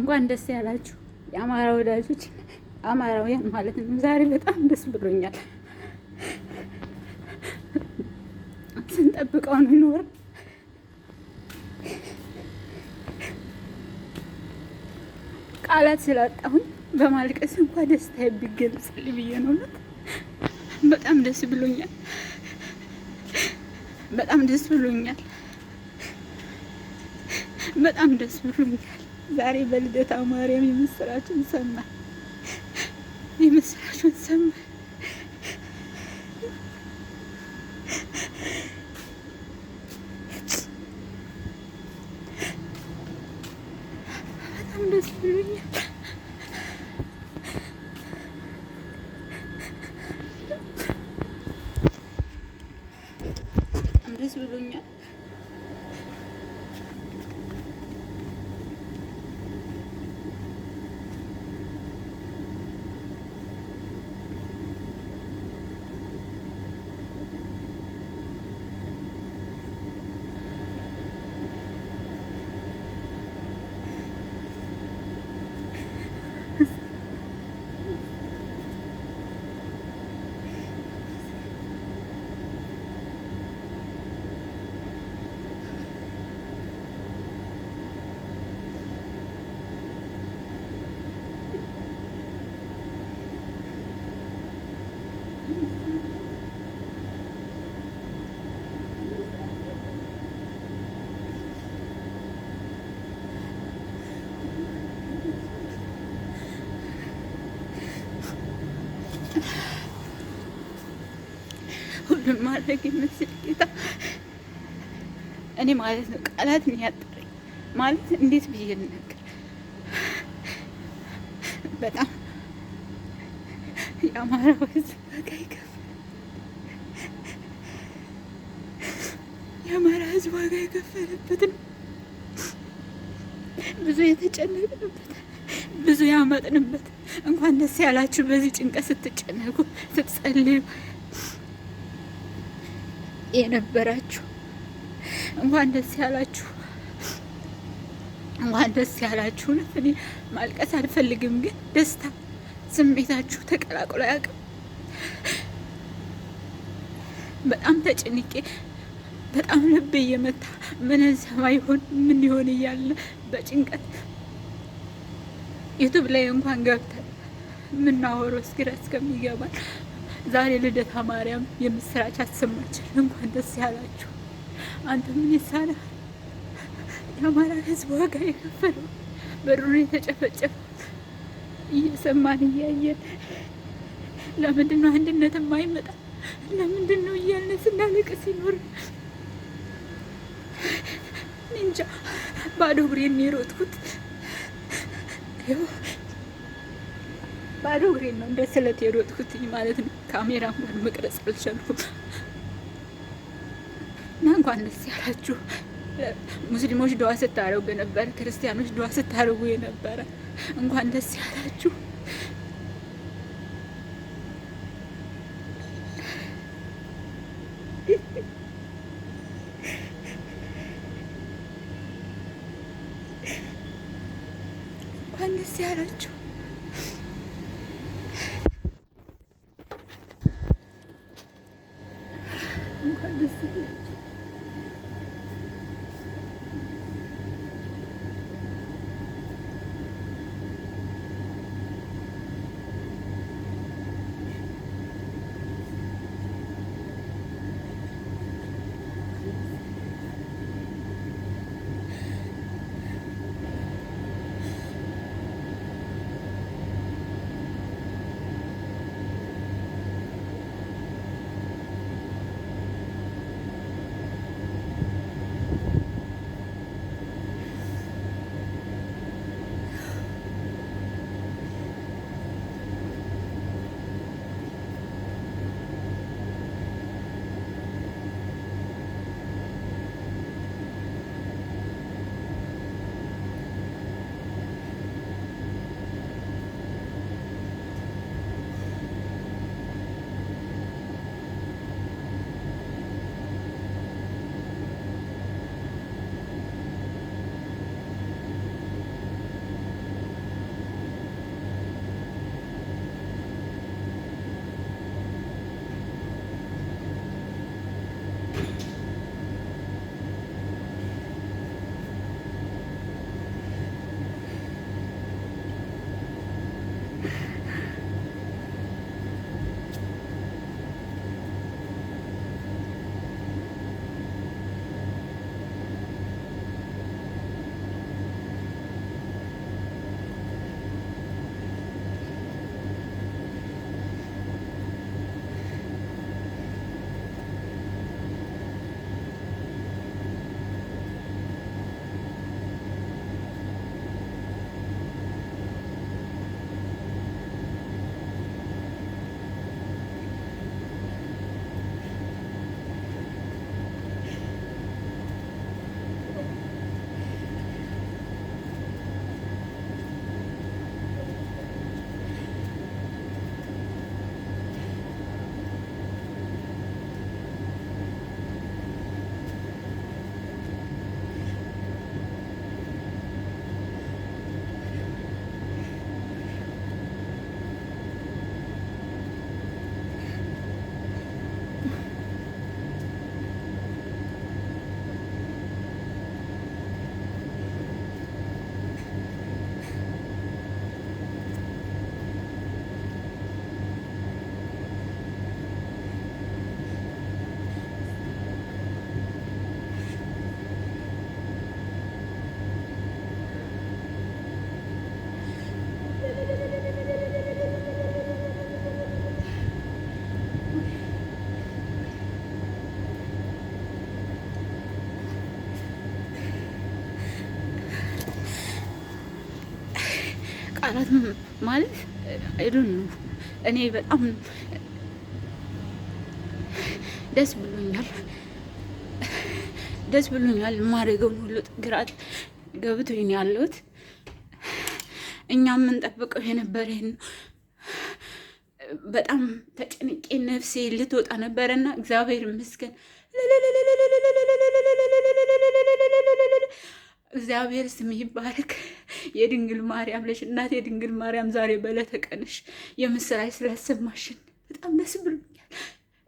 እንኳን ደስ ያላችሁ የአማራ ወዳጆች አማራውያን ማለት ነው። ዛሬ በጣም ደስ ብሎኛል። ስንጠብቀው ነው ይኖር ቃላት ስላጣሁን በማልቀስ እንኳ ደስታ ቢገልጽል ብዬ ነው። በጣም ደስ ብሎኛል። በጣም ደስ ብሎኛል። በጣም ደስ ብሎኛል። ዛሬ በልደታ ማርያም የምስራችን ሰማ የምስራችን ሰማ። በጣም ደስ ብሎኛል። በጣም ደስ ብሎኛል። ሁሉን ማድረግ የሚችል ጌታ እኔ ማለት ነው ቃላት ያጠረኝ ማለት እንዴት ብዬ ልነግር? በጣም የአማራው ሕዝብ ዋጋ ይከፍላል። የአማራ ህዝብ ዋጋ የከፈለበት ነው። ብዙ የተጨነቅንበት፣ ብዙ ያመጥንበት። እንኳን ደስ ያላችሁ በዚህ ጭንቀት ስትጨነቁ ስትጸልዩ የነበራችሁ እንኳን ደስ ያላችሁ፣ እንኳን ደስ ያላችሁ። እኔ ማልቀስ አልፈልግም፣ ግን ደስታ ስሜታችሁ ተቀላቅሎ አያውቅም። በጣም ተጨንቄ በጣም ልብ እየመታ ምን እንሰማ ይሆን ምን ይሆን እያለ በጭንቀት ዩቱብ ላይ እንኳን ገብተን የምናወራው ግራ እስከሚገባል ዛሬ ልደታ ማርያም የምስራች አሰማች እንኳን ደስ ያላችሁ። አንተ ምን ይሳና የአማራ ህዝብ ዋጋ የከፈለው በሩን የተጨፈጨፈ እየሰማን እያየን ለምንድን ነው አንድነት የማይመጣ? ለምንድን ነው እያልን ስናለቅስ ሲኖር እንጃ ባዶ እግሬን የሮጥኩት ባዶ እግሬን ነው እንደ ስለት የሮጥኩት ማለት ነው። ካሜራ እንኳን መቅረጽ አልቻልኩም እና እንኳን ደስ ያላችሁ። ሙስሊሞች ድዋ ስታደርጉ የነበረ፣ ክርስቲያኖች ድዋ ስታደርጉ የነበረ እንኳን ደስ ያላችሁ። እንኳን ደስ ያላችሁ። አራት ማለት አይዶን እኔ በጣም ደስ ብሎኛል፣ ደስ ብሎኛል። የማደርገውን ሁሉ ግራት ገብቶኝ ያለሁት እኛ የምንጠብቀው የነበረ በጣም ተጨንቄ ነፍሴ ልትወጣ ነበረና እግዚአብሔር ይመስገን። እግዚአብሔር ስም ይባረክ። የድንግል ማርያም ልጅ እናት የድንግል ማርያም ዛሬ በዕለተ ቀንሽ የምስራች ስላሰማሽን በጣም ደስ ብሎኛል።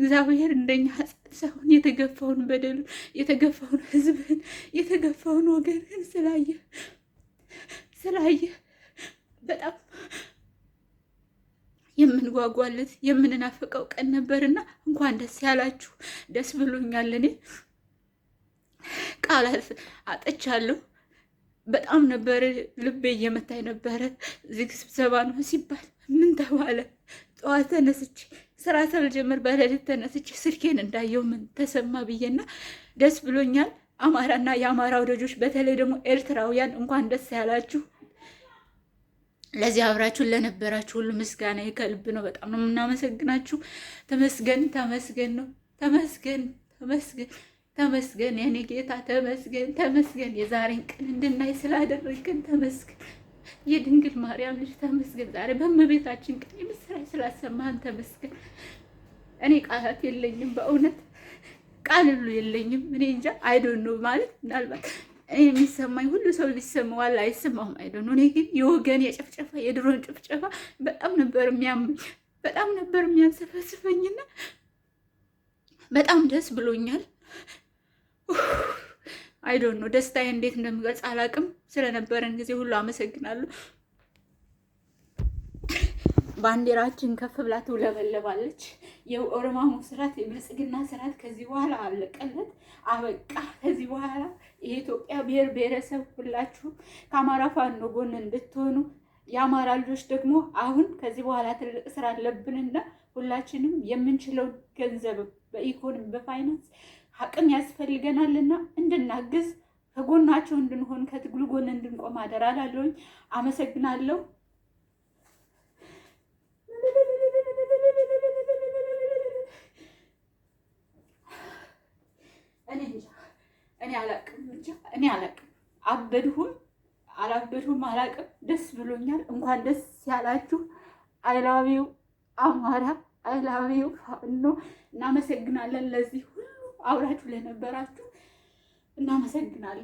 እግዚአብሔር እንደኛ ኃጢአት ሳይሆን የተገፋውን በደሉ የተገፋውን ሕዝብህን የተገፋውን ወገንህን ስላየ ስላየ በጣም የምንጓጓለት የምንናፍቀው ቀን ነበርና እንኳን ደስ ያላችሁ። ደስ ብሎኛል እኔ ቃላት አጠቻለሁ። በጣም ነበረ ልቤ እየመታኝ ነበረ። እዚህ ስብሰባ ነው ሲባል ምን ተባለ? ጠዋት ተነስቼ ስራ ሳልጀምር በሌሊት ተነስቼ ስልኬን እንዳየው ምን ተሰማ ብዬና ደስ ብሎኛል። አማራና የአማራ ወዳጆች በተለይ ደግሞ ኤርትራውያን እንኳን ደስ ያላችሁ። ለዚህ አብራችሁን ለነበራችሁ ሁሉ ምስጋና ከልብ ነው። በጣም ነው የምናመሰግናችሁ። ተመስገን ተመስገን ነው ተመስገን ተመስገን ተመስገን የኔ ጌታ ተመስገን ተመስገን፣ የዛሬን ቀን እንድናይ ስላደረግን ተመስገን። የድንግል ማርያም ልጅ ተመስገን፣ ዛሬ በእመቤታችን ቀን የምስራች ስላሰማህን ተመስገን። እኔ ቃላት የለኝም፣ በእውነት ቃል ሁሉ የለኝም። እኔ እንጃ አይዶኖ ማለት ምናልባት እኔ የሚሰማኝ ሁሉ ሰው ሊሰማዋል አይሰማውም፣ አይዶኑ። እኔ ግን የወገን የጭፍጨፋ የድሮን ጭፍጨፋ በጣም ነበር የሚያመኝ፣ በጣም ነበር የሚያንሰፈስፈኝና በጣም ደስ ብሎኛል። አይዶን ነው ደስታዬ እንዴት እንደምገልጽ አላውቅም። ስለነበረን ጊዜ ሁሉ አመሰግናለሁ። ባንዲራችን ከፍ ብላ ትውለበለባለች። የኦሮማሞ ስርዓት የብልጽግና ስርዓት ከዚህ በኋላ አለቀለት፣ አበቃ። ከዚህ በኋላ የኢትዮጵያ ብሔር ብሔረሰብ ሁላችሁ ከአማራ ፋኖ ጎን እንድትሆኑ የአማራ ልጆች ደግሞ አሁን ከዚህ በኋላ ትልቅ ስራ አለብንና ሁላችንም የምንችለውን ገንዘብ በኢኮኖሚ በፋይናንስ አቅም ያስፈልገናልና እንድናግዝ ከጎናቸው እንድንሆን ከትግሉ ጎን እንድንቆም አደራ ላለሁኝ። አመሰግናለሁ። እኔ አላቅም ብቻ እኔ አላቅም፣ አበድሁም አላበድሁም አላቅም። ደስ ብሎኛል። እንኳን ደስ ያላችሁ። አይላቢው አማራ አይላቢው ፋኖ። እናመሰግናለን ለዚሁ አብራችሁ ለነበራችሁ እናመሰግናለን።